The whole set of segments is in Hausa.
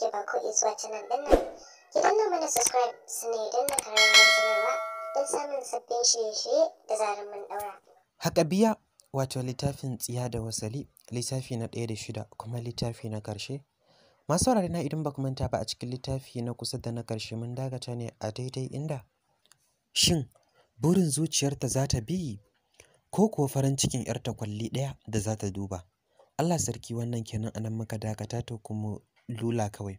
ba ko subscribe don samun Haƙabiya wato littafin tsiya da wasali littafi na ɗaya da shida kuma littafi na ƙarshe masu wurare na idan ba ku manta ba a cikin littafi na kusa da na ƙarshe mun dagata ne a daidai inda shin burin zuciyarta za ta bi ko kuwa farin cikin 'yarta kwalli ɗaya da za ta duba Allah sarki wannan kenan anan muka dakata to kuma Lula kawai.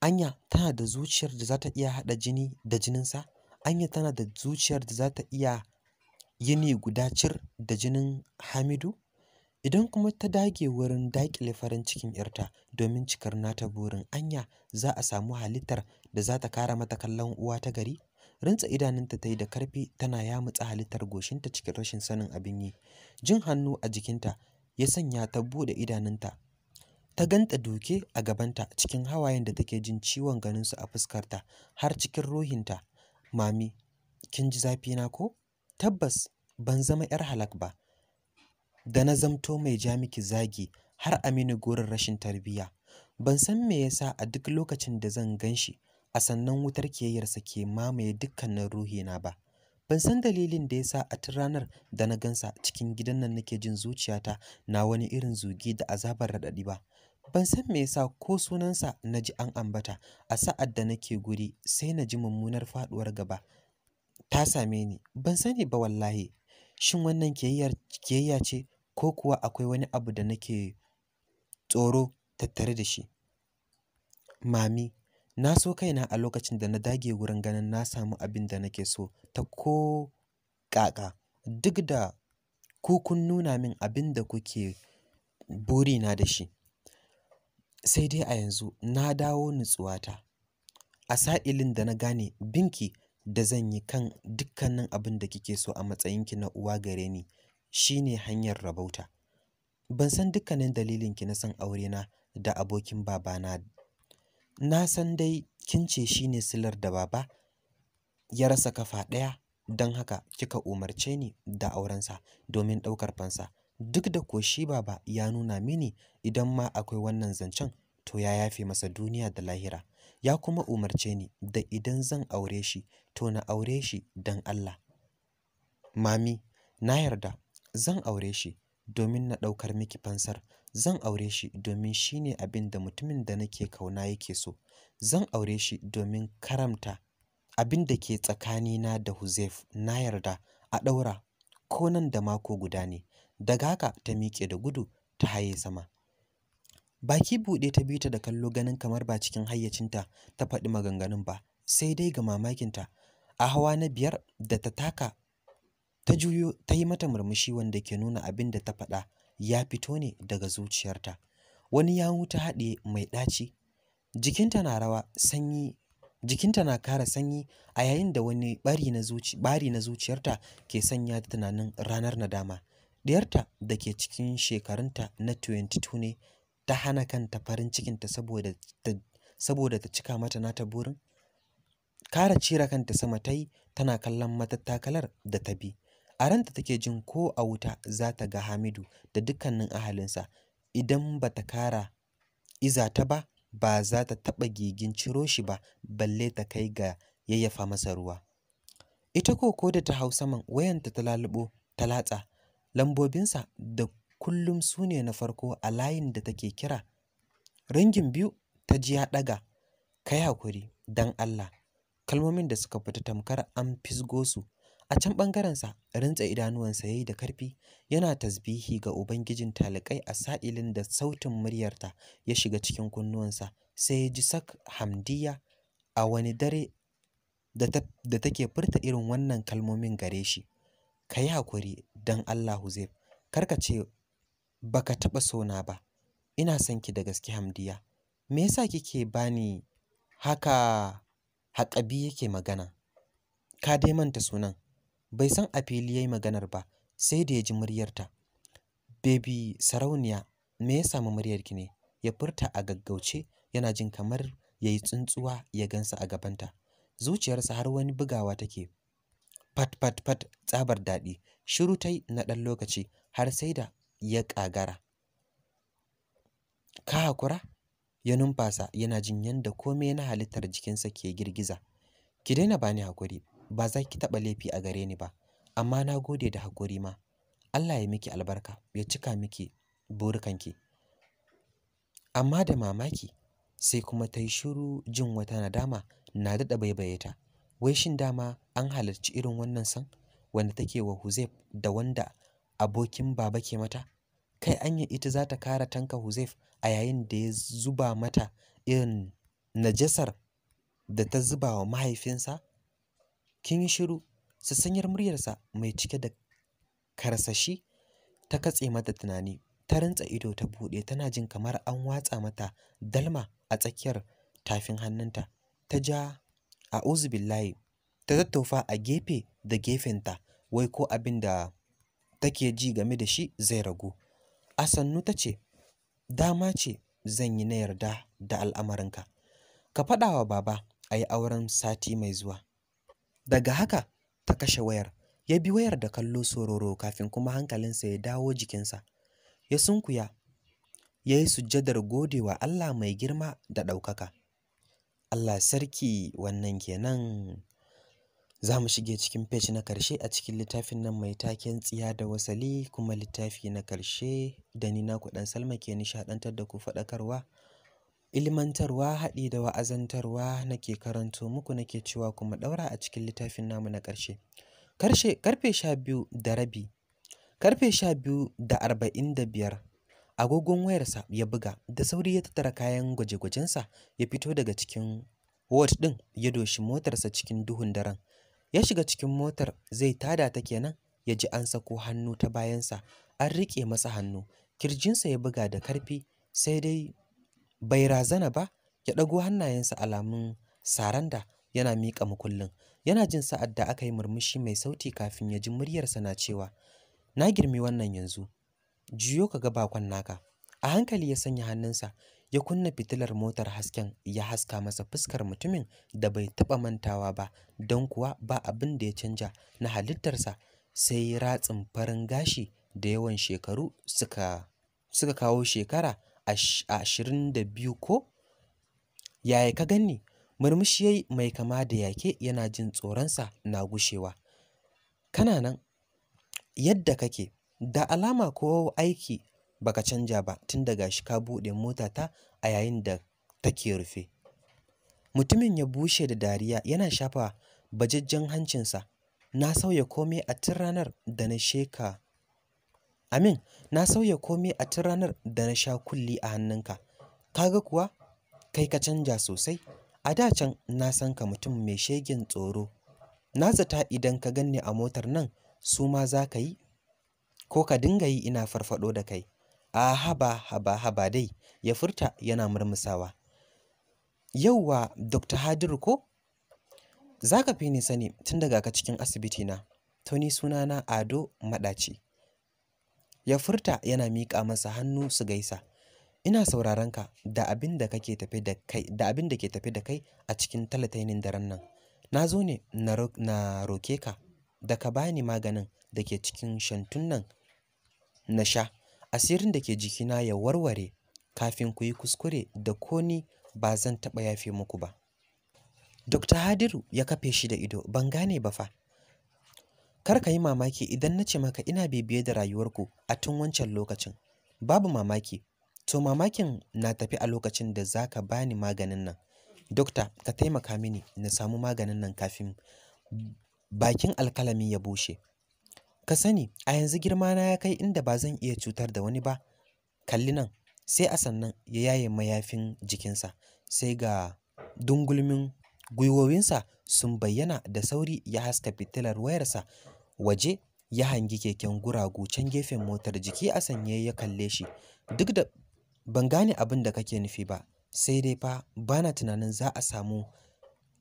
Anya tana da zuciyar da za ta iya haɗa jini da jininsa? Anya tana da zuciyar da za ta iya yini guda cir da jinin Hamidu? Idan kuma ta dage wurin daƙile farin cikin 'yarta domin cikar nata burin, anya za a samu halittar da za ta kara mata kallon uwa ta gari? rinsa idanunta ta yi da ƙarfi tana yamutsa halittar goshinta cikin rashin sanin abin yi. Jin hannu a jikinta ya sanya ta buɗe idanunta ta ganta duke a gabanta cikin hawayen da take jin ciwon ganinsu a fuskarta har cikin ruhinta mami kin ji zafina ko tabbas ban zama yar halak ba da na zamto mai ja miki zagi har aminu gurin rashin tarbiyya ban san me yasa a duk lokacin da zan gan shi a sannan wutar kiyayyarsa ke mamaye dukkanin ruhina ba ban san dalilin da yasa a tun ranar da na gansa cikin gidan nan nake jin zuciyata na wani irin zugi da azabar raɗaɗi ba ban san me yasa ko sunansa na ji an ambata a sa'ad da nake guri sai na ji mummunar faduwar gaba ta same ni ban sani ba wallahi shin wannan kiyayya ce ko kuwa akwai wani abu da nake tsoro tattare da shi mami na so kaina a lokacin da na dage wurin ganin na samu abin da nake so ta ko kaka duk da ku kun nuna min abin da kuke burina da shi sai dai a yanzu na dawo nutsuwata a sa'ilin da na gane binki da zan yi kan dukkanin abin da kike so a matsayinki na uwa gare ni shine hanyar rabauta ban san dukkanin dalilinki na san aurena da abokin babana na san dai kin ce shine silar da baba ya rasa kafa ɗaya don haka kika umarce ni da aurensa domin ɗaukar fansa duk da ko shi baba ya nuna mini idan ma akwai wannan zancen to ya yafe masa duniya da lahira ya kuma umarce ni da idan zan aure shi to na aure shi don Allah mami na yarda zan aure shi domin na ɗaukar miki fansar zan aure shi domin shi ne abin da mutumin da nake kauna yake so zan aure shi domin karamta abin da ke tsakanina da Huzef na yarda a ɗaura ko nan da mako guda ne daga haka ta miƙe da gudu ta haye sama baki buɗe ta bi ta da kallo ganin kamar ba cikin hayyacinta ta faɗi maganganun ba sai dai ga mamakinta a hawa na biyar da ta taka ta juyo ta yi mata murmushi wanda ke nuna abin da ta faɗa ya fito ne daga zuciyarta wani ya ta haɗe mai ɗaci jikinta na rawa sanyi jikinta na kara sanyi a yayin da wani bari na bari na zuciyarta ke sanya tunanin ranar nadama Diyarta da ke cikin shekarunta na 22 ne ta hana kanta farin cikinta saboda ta, cika mata nata burin. Kara cira kanta sama ta yi tana kallon matattakalar da ta bi. A ranta take jin ko a wuta za ta ga Hamidu da dukkanin ahalinsa idan ba ta kara iza ta ba ba za ta taɓa gigin ciro shi ba balle ta kai ga yayyafa masa ruwa. Ita ko ko da ta hau saman wayanta ta lalubo ta latsa lambobinsa da kullum su ne na farko a layin da take kira ringin biyu ta ji ya ɗaga kai hakuri don Allah kalmomin da suka fita tamkar an fisgo su a can ɓangarensa rintsa idanuwansa ya yi da karfi yana tasbihi ga ubangijin talikai a sa'ilin da sautin muryarta ya shiga cikin kunnuwansa sai ya ji sak hamdiya a wani dare da take furta irin wannan kalmomin gare shi ka yi haƙuri don Allah Huzaif, kar ka ce ba ka taɓa sona ba, ina son ki da gaske Hamdiya, me yasa kike bani haka haƙabi yake magana? Ka dai manta sunan, bai san a fili ya yi maganar ba, sai da ya ji muryarta. Baby sarauniya, me ya samu muryarki ne? Ya furta a gaggauce yana jin kamar ya yi tsuntsuwa ya gansa a gabanta. Zuciyarsa har wani bugawa take, fat fat fat tsabar daɗi shiru ta na ɗan lokaci har sai da ya ƙagara ka haƙura? ‘ ya numfasa yana jin yadda komai na halittar jikinsa ke girgiza ki daina bani haƙuri, ba za ki taɓa laifi a gare ni ba amma na gode da haƙuri ma Allah ya miki albarka ya cika miki burukanki amma da mamaki sai kuma ta yi shiru jin wata nadama na daɗa baibaye ta wai shin dama an halarci irin wannan san wanda take wa Huzaif da wanda abokin baba ke mata kai anya ita za ta kara tanka Huzaif a yayin da ya zuba mata irin najasar da ta zuba wa mahaifinsa kin yi shiru sassanyar muryarsa mai cike da karsashi ta katse mata tunani ta rantsa ido ta buɗe tana jin kamar an watsa mata dalma a tsakiyar tafin hannunta ta ja A uzubillahi ta tattaufa a gefe da gefenta wai ko abin da take ji game da shi zai ragu a sannu ta ce dama ce zan yi na yarda da al'amarinka ka faɗa wa baba a yi auren sati mai zuwa daga haka ta kashe wayar ya bi wayar da kallo sororo kafin kuma hankalinsa ya dawo jikinsa ya sunkuya ya yi sujjadar godewa Allah mai girma da ɗaukaka Allah sarki wannan kenan za mu shige cikin page na karshe a cikin littafin nan mai taken tsiya da wasali kuma littafi na karshe da ni naku dan Salma ke nishadantar da ku faɗakarwa ilmantarwa haɗi da wa'azantarwa nake karanto muku nake cewa kuma ɗaura a cikin littafin namu na ƙarshe karshe karfe sha biyu da rabi karfe sha biyu da arba'in da biyar agogon wayarsa ya buga da sauri ya tattara kayan gwaje-gwajensa ya fito daga cikin ward ɗin ya doshi motarsa cikin duhun daren ya shiga cikin motar zai tada ta kenan ya ji an sako hannu ta bayansa an riƙe masa hannu kirjinsa ya buga da karfi sai dai bai razana ba ya ɗago hannayensa alamun saranda yana miƙa mukullin yana jin sa'ad da aka yi murmushi mai sauti kafin ya ji muryarsa na cewa na girmi wannan yanzu juyo ka ga bakon naka a hankali ya sanya hannunsa ya kunna fitilar motar hasken ya haska masa fuskar mutumin da bai taɓa mantawa ba don kuwa ba abin da ya canja na halittarsa sai ratsin farin gashi da yawan shekaru suka kawo shekara ashirin da biyu ko yaya ka ganni murmushi yayi mai kama da yake yana jin tsoronsa na gushewa kana nan yadda kake Da alama ko aiki baka canja ba tun daga shi ka buɗe mota ta a yayin da take rufe. Mutumin ya bushe da dariya yana shafa bajajjen hancinsa. Na sauya komai a tun ranar da na sheka. Amin, na sauya komai a tun ranar da na sha kulli a hannunka. Kaga kuwa kai ka canja sosai. A da can na san ka mutum mai shegen tsoro. Na zata idan ka ganni a motar nan su ma za ka yi ko ka dinga yi ina farfaɗo da kai. A haba haba haba dai ya furta yana murmusawa. Yauwa Dr. Hadiru ko? Za ka fi ni sani tun daga ka cikin asibiti na. tuni sunana Ado Maɗaci. Ya furta yana miƙa masa hannu su gaisa. Ina sauraron ka da abin da ke tafe da kai a cikin talatainin daren nan. Na zo ne na roke ka da ka bani maganin da ke cikin shantun nan na sha asirin da ke jikina ya warware kafin ku yi kuskure da ko ni ba zan taɓa yafe muku ba Dokta Hadiru ya kafe shi da ido ban gane ba fa kar ka yi mamaki idan na ce maka ina bibiye da rayuwarku a tun wancan lokacin babu mamaki to mamakin na tafi a lokacin da za ka bani maganin nan dokta ka taimaka mini na samu maganin nan kafin bakin alkalami ya bushe. Ka sani, a yanzu girma na ya kai inda ba zan iya cutar da wani ba. Kalli nan, sai a sannan ya yaye mayafin jikinsa, sai ga dungulmin gwiwowinsa sun bayyana da sauri ya haska fitilar wayarsa waje ya hangi keken guragu can gefen motar jiki a sanye ya kalle shi duk da ban gane abin da kake nufi ba sai dai fa bana tunanin za a samu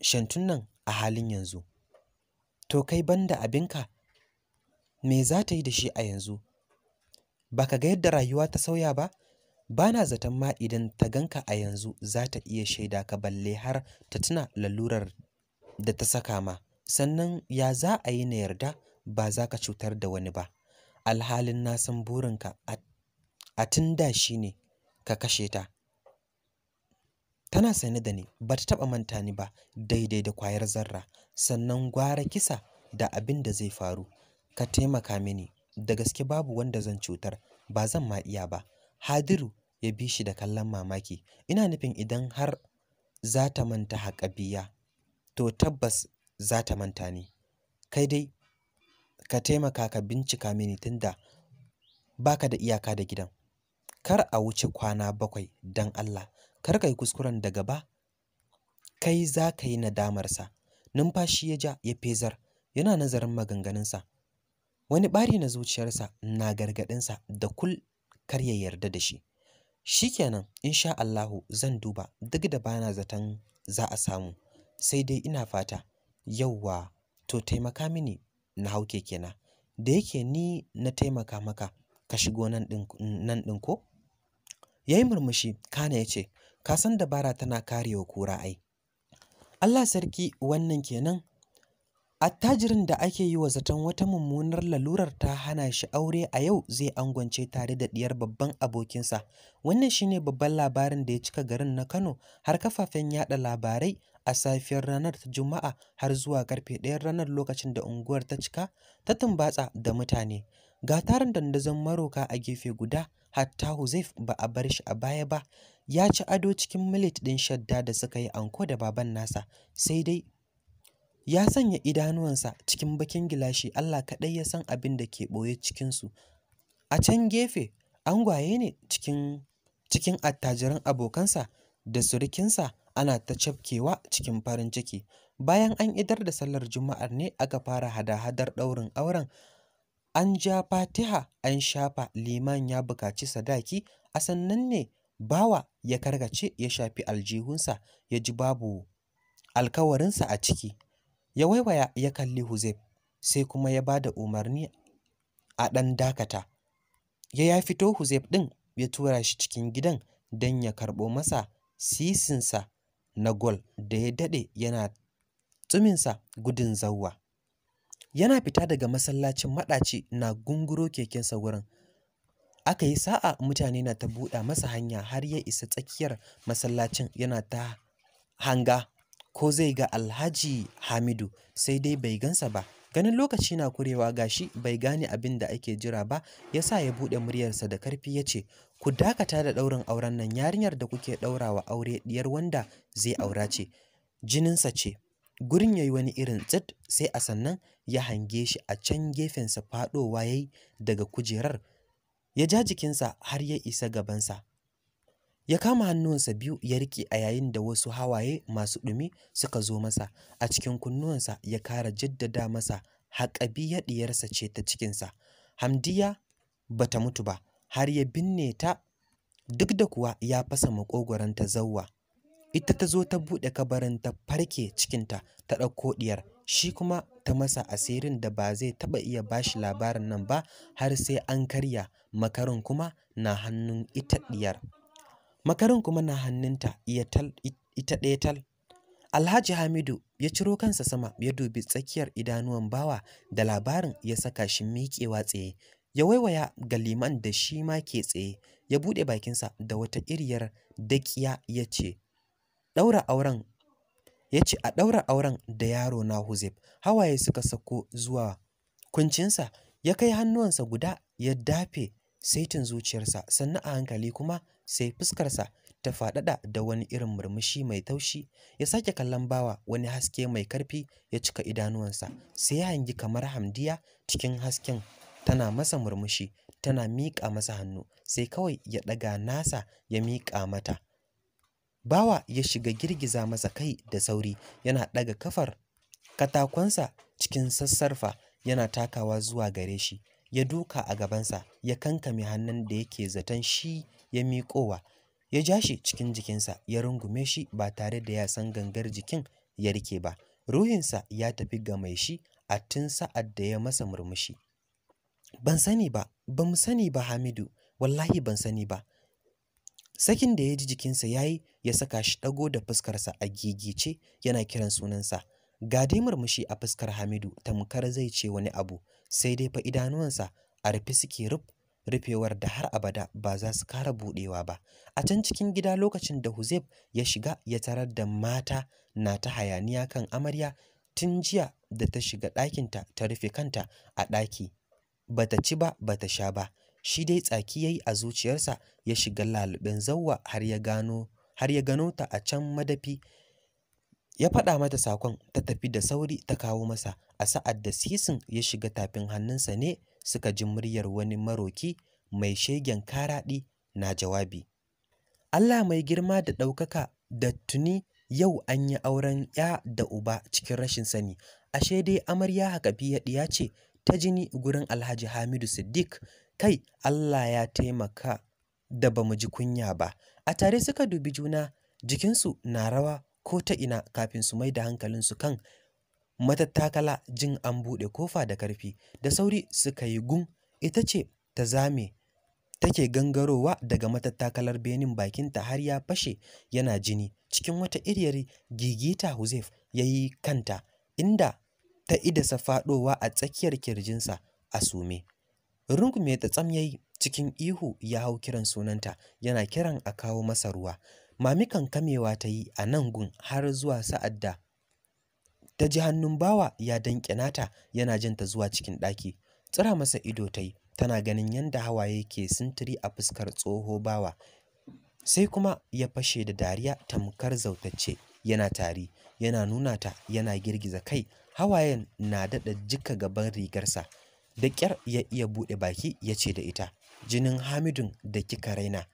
shantun nan a halin yanzu to kai banda abinka me za ta yi da shi a yanzu ba ka ga yadda rayuwa ta sauya ba ba na zaton ma idan ta ganka a yanzu za ta iya shaida ka balle har ta tuna lalurar da ta saka ma sannan ya za a yi na yarda ba za ka cutar da wani ba alhalin na san burinka a tun da shi ne ka kashe ta tana sani da ni ba ta taɓa manta ni ba daidai da kwayar zarra sannan gwara kisa da abin da zai faru ka taimaka mini da gaske babu wanda zan cutar ba zan ma iya ba hadiru ya bi shi da kallon mamaki ina nufin idan har za ta manta haƙabiya to tabbas za ta manta ni kai dai ka taimaka ka bincika mini tunda baka da iyaka da gidan kar a wuce kwana bakwai don Allah kar ka yi kuskuren da gaba kai za ka yi nadamarsa numfashi ya ja ya fezar yana nazarin maganganunsa wani ɓari na zuciyarsa na gargaɗinsa da kul kar ya yarda da shi shikenan insha Allahu zan duba duk da bana zaton za a samu sai dai ina fata yauwa to taimaka mini na hau na? da yake ni na taimaka maka ka shigo nan ɗin ko ya yi murmushi kana ya ce ka san dabara tana karewa kura ai Allah sarki wannan kenan attajirin da ake yi wa zaton wata mummunar lalurar ta hana shi aure a yau zai angwance tare da ɗiyar babban abokinsa wannan shine babban labarin da ya cika garin na kano har kafafen yada labarai a safiyar ranar ta juma'a har zuwa karfe ɗayan ranar lokacin da unguwar ta cika ta tumbatsa da mutane ga tarin dandazon maroka a gefe guda hatta huzaif ba a bar shi a baya ba ya ci ado cikin milit ɗin shadda da suka yi anko da baban nasa sai dai ya sanya idanuwansa cikin bakin gilashi Allah kaɗai ya san abin da ke ɓoye cikinsu a can gefe an angwaye ne cikin attajiran abokansa da surukinsa ana ta cafkewa cikin farin ciki bayan an idar da sallar juma'ar ne aka fara hada-hadar ɗaurin auren an ja fatiha an shafa liman ya bukaci sadaki a sannan ne bawa ya kargace ya shafi aljihunsa ya ji babu alkawarinsa a ciki ya waiwaya ya kalli huzeb sai kuma ya ba da umarni a ɗan dakata ya ya fito huzeb ɗin ya tura shi cikin gidan don ya karɓo masa sisinsa na gol da ya daɗe yana tsuminsa gudun zauwa. yana fita daga masallacin maɗaci na gunguro kekensa wurin aka yi sa'a mutane na ta buɗa masa hanya har ya isa tsakiyar masallacin yana ta hanga ko zai ga alhaji hamidu sai dai bai gansa ba ganin lokaci na kurewa gashi bai gane abin da ake jira ba Ya sa ya buɗe muryarsa da karfi ya ce ku dakata da ɗaurin auren nan yarinyar da kuke ɗaurawa aure ɗiyar wanda zai aura ce jininsa ce gurin ya yi wani irin tsit sai a sannan ya hange shi a can gefensa faɗowa ya yi daga kujerar ya ja jikinsa har ya isa gabansa. Ya kama hannuwansa biyu ya riƙe a yayin da wasu hawaye masu ɗumi suka zo masa a cikin kunnuwansa ya kara jaddada masa haƙabi ya ɗiyarsa ce ta cikinsa. Hamdiya ba ta mutu ba har ya binne ta duk da kuwa ya fasa maƙogwaronta zauwa. Ita ta zo ta buɗe kabarin ta farke cikinta ta ɗauko ɗiyar shi kuma ta masa asirin da ba zai taɓa iya bashi labarin nan ba har sai an karya makarin kuma na hannun ita ɗiyar. makarin kuma na hannunta ita ɗaya tal alhaji hamidu ya ciro kansa sama ya dubi tsakiyar idanuwan bawa da labarin ya saka shi miƙewa tsaye ya waiwaya ga liman da shi ma ke tsaye ya buɗe bakinsa da wata iriyar daƙiya ya ce ɗaura auren ya ce a ɗaura auren da yaro na huzib hawaye suka sako zuwa kuncinsa ya kai hannuwansa guda ya dafe saitin zuciyarsa sannan a hankali kuma sai fuskarsa ta faɗaɗa da wani irin murmushi mai taushi ya sake kallon bawa wani haske mai karfi ya cika idanuwansa sai ya hangi kamar hamdiya cikin hasken tana masa murmushi tana miƙa masa hannu sai kawai ya ɗaga nasa ya miƙa mata bawa ya shiga girgiza masa kai da sauri yana ɗaga kafar katakonsa cikin sassarfa yana takawa zuwa gare shi ya duka a gabansa ya kankame hannun da yake zaton shi ya miƙowa ya ja shi cikin jikinsa ya rungume shi ba tare da ya san gangar jikin ya rike ba ruhinsa ya tafi ga mai shi a tun sa'ad da ya masa murmushi ban sani ba ba sani ba hamidu wallahi ban sani ba sakin da ya ji jikinsa ya yi ya saka shi ɗago da fuskarsa a gigice yana kiran sunansa ga dai murmushi a fuskar Hamidu tamkar zai ce wani abu sai dai fa idanuwansa a rufe suke ruf rufewar da har abada ba za su kara budewa ba a can cikin gida lokacin da Huzeb ya shiga ya tarar da mata na ta hayaniya kan amarya tun jiya da ta shiga ɗakinta ta rufe kanta a ɗaki ba ta ci ba ba ta sha ba shi dai tsaki yayi a zuciyarsa ya shiga lalubin zawwa har ya gano har ya gano ta a can madafi ya faɗa mata sakon ta tafi da sauri ta kawo masa a sa'ad da sisin ya shiga tafin hannunsa ne suka ji muryar wani maroki mai shegen karaɗi na jawabi Allah mai girma da ɗaukaka da tuni yau an yi auren ya da uba cikin rashin sani ashe dai amarya ya ɗiya ce ta jini gurin alhaji hamidu siddiq kai Allah ya taimaka da ba mu ji kunya ba a tare suka dubi juna jikinsu na rawa ko ta ina kafin su mai da hankalinsu kan matattakala jin an buɗe kofa da ƙarfi da sauri suka yi gun ita ce ta zame take gangarowa daga matattakalar benin bakinta har ya fashe yana jini cikin wata iriyar gigita huzef ya yi kanta inda ta idasa faɗowa a tsakiyar kirjinsa a sume rungume ta tsam yayi cikin ihu ya hau kiran sunanta yana kiran a kawo masa ruwa Mami kan kamewa ta yi a nan gun har zuwa sa'ad da ta ji hannun bawa ya danƙe nata yana jinta zuwa cikin ɗaki. Tsira masa ido ta yi tana ganin yadda hawaye ke sintiri a fuskar tsoho bawa. Sai kuma ya fashe da dariya tamkar zautacce yana tari yana nuna ta yana girgiza kai hawayen na daɗa jika gaban rigarsa. Da ƙyar ya iya buɗe baki ya ce da ita, jinin Hamidun da kika raina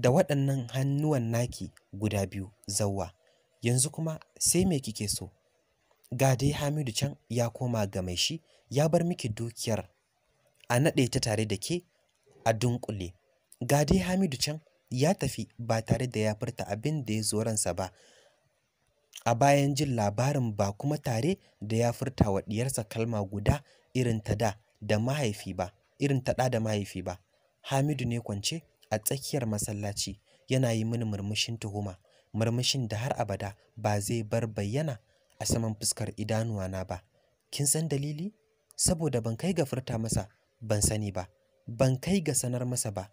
da waɗannan hannuwan naki guda biyu zawwa yanzu kuma sai me kike so ga dai Hamidu can ya koma ga mai shi ya bar miki dukiyar a naɗe ta tare da ke a dunkule ga dai Hamidu can ya tafi ba tare da ya furta abin da ya zo ransa ba a bayan jin labarin ba kuma tare da ya furta wa ɗiyarsa kalma guda irin ta da da mahaifi ba irin ta da mahaifi ba Hamidu ne kwance a tsakiyar masallaci yana yi mini murmushin tuhuma murmushin da har abada ba zai bar bayyana a saman fuskar idanuwana ba kin san dalili saboda ban kai ga furta masa ban sani ba ban kai ga sanar masa ba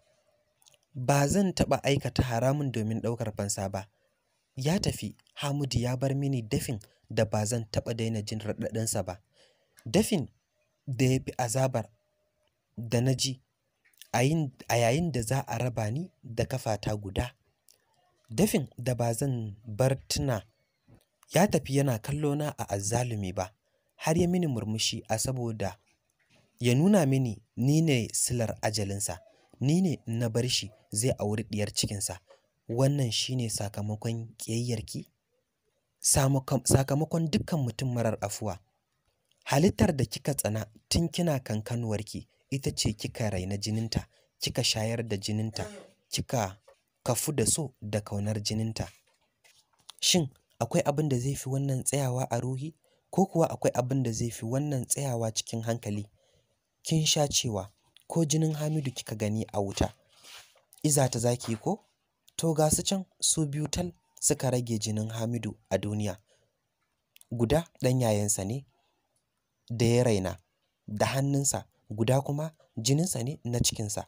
ba zan taɓa aikata haramun domin ɗaukar fansa ba ya tafi Hamudu ya bar mini dafin da ba zan taɓa daina jin raɗaɗinsa ba dafin da ya fi azabar da na ji a yayin da za a raba ni da kafata guda. Dafin da ba zan bar tuna ya tafi yana kallo na a azzalumi ba, har ya mini murmushi a saboda ya nuna mini ni ne silar ajalinsa, ni ne na bar shi zai auri diyar cikinsa. Wannan shi ne sakamakon ƙiyayyarki? Sakamakon dukkan mutum marar afuwa. Halittar da kika tsana tun kina kankanuwarki ita ce kika raina jininta, kika shayar da jininta, kika kafu da so da kaunar jininta. Shin akwai abin da zai fi wannan tsayawa a ruhi ko kuwa akwai abin da zai fi wannan tsayawa cikin hankali? Kin sha cewa ko jinin Hamidu kika gani a wuta. Iza ta zaki ko? To ga su can su biyu tal suka rage jinin Hamidu a duniya. Guda ɗan yayansa ne da ya raina da hannunsa guda kuma jininsa ne na cikinsa.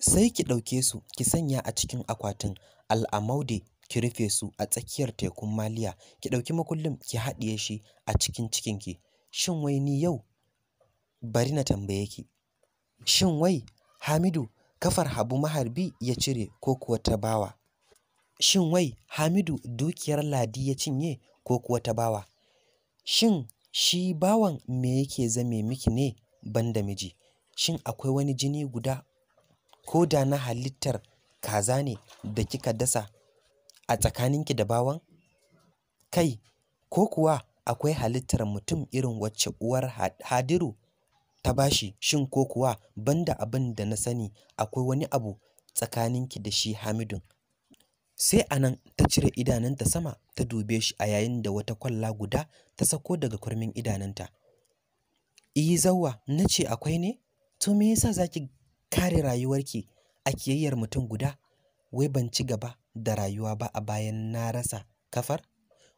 Sai ki ɗauke su ki sanya a cikin akwatin al'amaude ki rufe su a tsakiyar tekun maliya ki ɗauki makullin ki haɗiye shi a cikin cikinki. Shin wai ni yau bari na tambaye ki. Shin wai Hamidu kafar Habu maharbi ya cire ko kuwa ta bawa? Shin wai Hamidu dukiyar Ladi ya cinye ko kuwa ta bawa? Shin shi bawan me yake zame miki ne ban da miji. Shin akwai wani jini guda ko da na halittar kaza ne da kika dasa a tsakaninki da bawan? Kai, ko kuwa akwai halittar mutum irin wacce uwar Hadiru ta bashi? shin ko kuwa ban da abin da na sani akwai wani abu tsakaninki da shi Hamidun? Sai anan ta cire idanunta sama ta dube shi a yayin da wata kwalla guda ta sako daga kurmin idanunta. I eh, zawa na ce akwai ne? To me yasa za ki kare rayuwarki a kiyayyar mutum guda? Wai ban ci gaba da rayuwa ba a bayan na rasa kafar?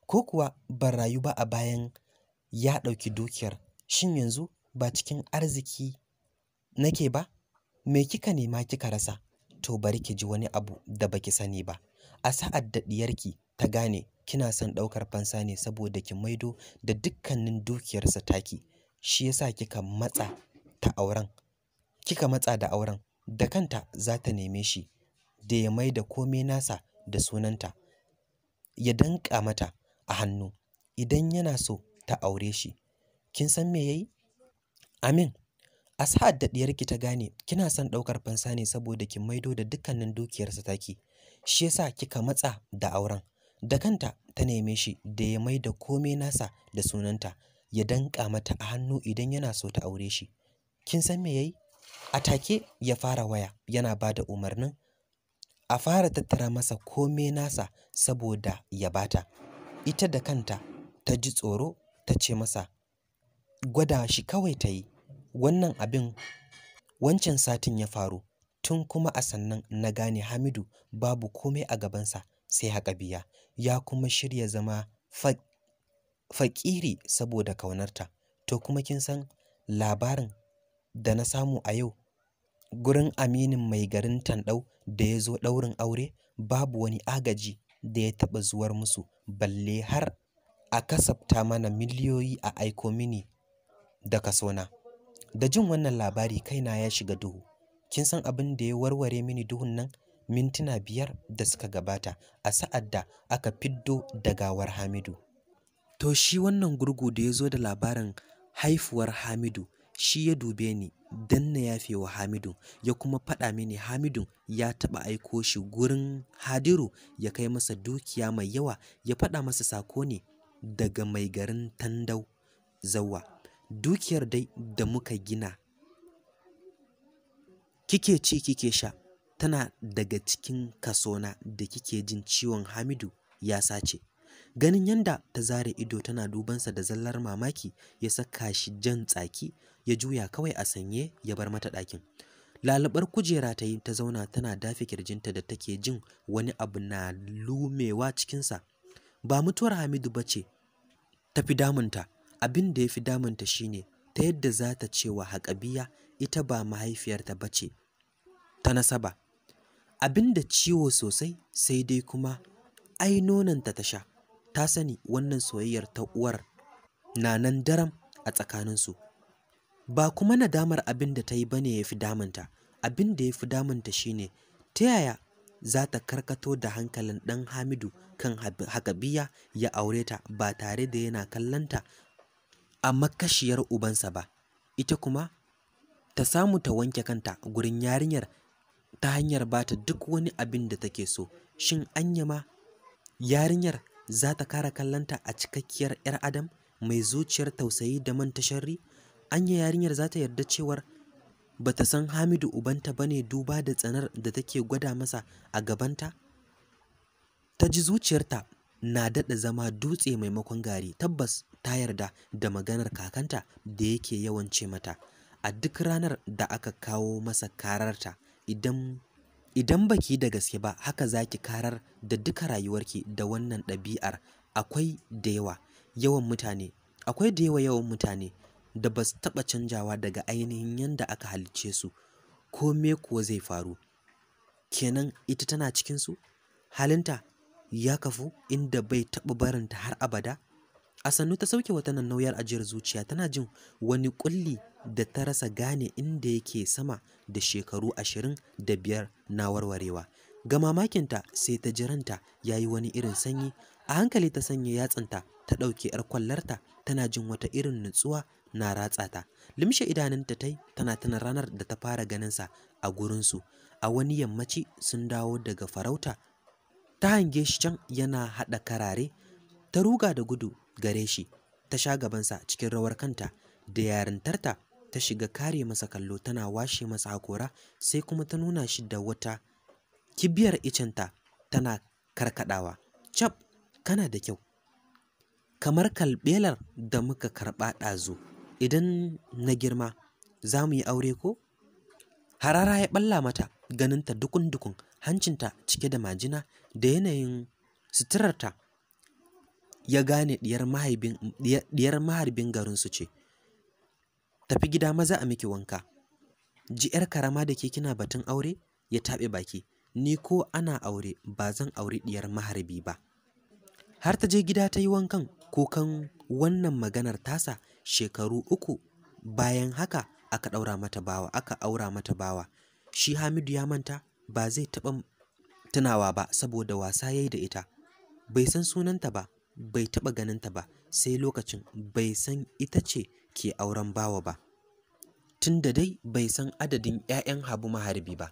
Ko kuwa ban rayu ba a bayan ya ɗauki dukiyar? Shin yanzu ba cikin arziki nake ba? Me kika nema kika rasa? To bari ki ji wani abu da baki sani ba. A sa'ad da diyarki ta gane kina son ɗaukar fansa ne saboda ki maido da dukkanin dukiyarsa taki. shi yasa kika matsa ta auren kika matsa da auren da kanta za ta neme shi da ya mai komai nasa da sunanta ya danka mata a hannu idan yana so ta aure shi kin san me yayi amin Asad da ɗiyarki ta gane kina son ɗaukar fansa ne saboda kin maido da dukkanin dukiyarsa take shi yasa kika matsa da auren da kanta ta neme shi da ya maida komai nasa da sunanta ya danka mata a hannu idan yana so ta aure shi kin san me yayi a take ya fara waya yana bada umarnin a fara tattara masa komai nasa saboda ya bata ita da kanta ta ji tsoro ta ce masa gwada shi kawai ta yi wannan abin wancan satin ya faru tun kuma a sannan na gane Hamidu babu komai a gabansa sai haƙabiya ya kuma shirya zama Faƙiri saboda kaunarta to kuma kin san labarin da na samu a yau gurin aminin mai garin tandau da ya zo ɗaurin aure babu wani agaji da ya taɓa zuwar musu balle har a kasafta mana miliyoyi a aiko mini da kasona da jin wannan labari kaina ya shiga duhu kin san abin da ya warware mini duhun nan mintuna biyar da suka gabata a sa'ad da aka fiddo da gawar hamidu To shi wannan gurgu da ya zo da labarin haifuwar Hamidu shi ya dube ni don na yafe wa Hamidu ya kuma faɗa mini Hamidu ya taɓa aiko shi gurin Hadiru ya kai masa dukiya mai yawa ya faɗa masa sako ne daga mai garin Tandau Zawa. Dukiyar dai da muka gina kike ci kike sha tana daga cikin kasona da kike jin ciwon Hamidu ya sace. ganin yanda ta zare ido tana dubansa da zallar mamaki ya saka shi jan tsaki ya juya kawai a sanye ya bar mata ɗakin lalabar kujera ta yi ta zauna tana dafe kirjinta da take jin wani abu na lumewa cikinsa ba mutuwar hamidu ba ce ta fi damunta abin da ya fi damunta shine ta yadda za ta ce wa haƙabiya ita ba mahaifiyarta ba ce ta nasaba abin da ciwo sosai sai dai kuma ai nonanta ta sha ta sani wannan soyayyar ta uwar na nan daram a tsakaninsu ba kuma nadamar abin da ta yi ba ne ya fi damunta abin da ya fi damunta ne, ta yaya za ta karkato da hankalin ɗan hamidu kan hakabiya ya aure ta ba tare da yana kallanta a makashiyar ubansa ba ita kuma ta samu ta wanke kanta gurin yarinyar ta hanyar ba ta duk wani abin da take so shin anya ma yarinyar za ta kara kallanta a cikakkiyar 'yar adam mai zuciyar tausayi da manta sharri anya yarinyar za ta yarda cewar ba ta san hamidu ubanta ba ne duba da tsanar da take gwada masa a gabanta ta ji zuciyarta na daɗa zama dutse maimakon gari tabbas ta yarda da maganar kakanta da yake yawan ce mata a duk ranar da aka kawo masa kararta idan idan baki da gaske ba haka zaki karar da duka rayuwarki da wannan ɗabi'ar akwai da yawa yawan mutane akwai da yawa yawan mutane da ba su taɓa canjawa daga ainihin yadda aka halicce su ko me kuwa zai faru kenan ita tana cikinsu halinta ya kafu inda bai taɓa barinta har abada A sannu ta sauke wata nan nauyar ajiyar zuciya tana jin wani kulli da ta rasa gane inda yake sama da shekaru ashirin da biyar na warwarewa. Ga mamakinta sai ta jiranta ya yi wani irin sanyi, a hankali ta sanya yatsanta ta ɗauke 'yar kwallarta tana jin wata irin nutsuwa na ratsata. Limshe idanunta ta yi tana tana ranar da ta fara ganinsa a gurinsu. A wani yammaci sun dawo daga farauta ta hange shi can yana haɗa karare ta ruga da gudu gare shi ta sha gabansa cikin rawar kanta da yarintarta ta shiga kare masa kallo tana washe masa hakora sai kuma ta nuna shi da wata kibiyar icinta tana karkadawa cap kana da kyau kamar kalbelar da muka karɓa ɗazu idan na girma za mu yi aure ko harara ya ɓalla mata ganinta dukun-dukun hancinta cike da majina da yanayin suturarta ya gane diyar maharbin garinsu ce tafi gida maza a miki wanka ji yar karama da ke kina batun aure ya taɓe baki ni ko ana aure ba zan aure diyar maharbi ba har ta je gida ta yi wankan kan wannan maganar tasa shekaru uku bayan haka aka ɗaura mata bawa aka aura mata bawa shi Hamidu ya manta ba zai taɓa tunawa ba saboda wasa ya yi da ita bai san sunanta ba bai taɓa ta ba sai lokacin bai san ita ce ke auren bawa ba tun da dai bai san adadin 'ya'yan habu maharbi ba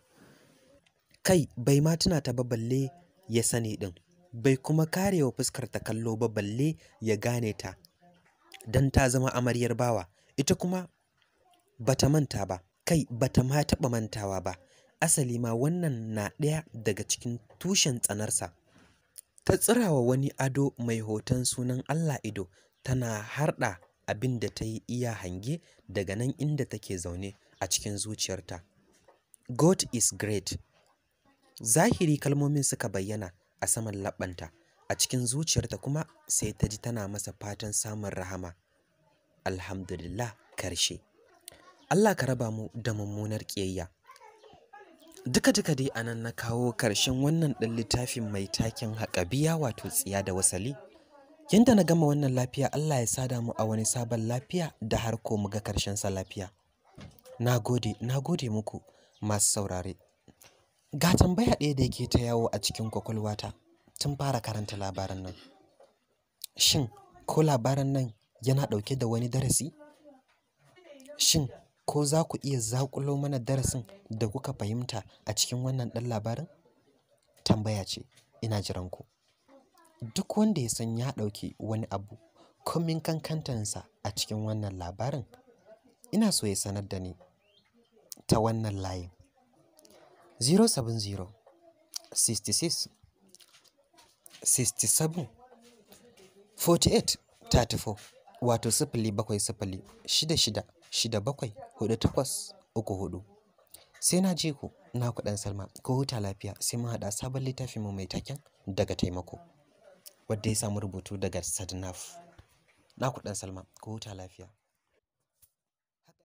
kai bai ma tuna ta ba balle ya sani ɗin bai kuma karewa fuskar ta kallo ba balle ya gane ta don ta zama amaryar bawa ita kuma bata manta ba kai bata ma taɓa mantawa ba asali ma wannan na ɗaya daga cikin tushen tsanarsa ta tsirawa wani ado mai hoton sunan Allah ido tana harɗa abin da ta yi iya hange daga nan inda take zaune a cikin zuciyarta. God is great. Zahiri kalmomin suka bayyana a saman laɓanta, a cikin zuciyarta kuma sai ta ji tana masa fatan samun rahama. Alhamdulillah karshe. Allah ka raba mu da mummunar ƙiyayya. Duka-duka dai anan na kawo ƙarshen wannan ɗan littafin mai taken haƙabiya wato tsiya da wasali. Yanda na gama wannan lafiya Allah ya sada mu a wani sabon lafiya da har ko mu ga ƙarshen sa lafiya. Na gode, na gode muku masu saurare. Ga tambaya ɗaya da yake ta yawo a cikin kwakwalwata tun fara karanta labaran nan. Shin ko labaran nan yana ɗauke da wani darasi? Shin ko za ku iya zaƙulo mana darasin da kuka fahimta a cikin wannan ɗan labarin? Tambaya ce, ina jiran ku. Duk wanda ya san ya ɗauki wani abu, komin kankantansa a cikin wannan labarin, ina so ya sanar da ni ta wannan layin. 070 66 67 48 34 wato sifili bakwai sifili shida shida shida bakwai hudu takwas uku hudu sai na je ku na ku dan salma ko huta lafiya sai mun hada sabon littafin mu mai taken daga taimako wanda ya samu rubutu daga sadnaf na ku dan salma ko huta lafiya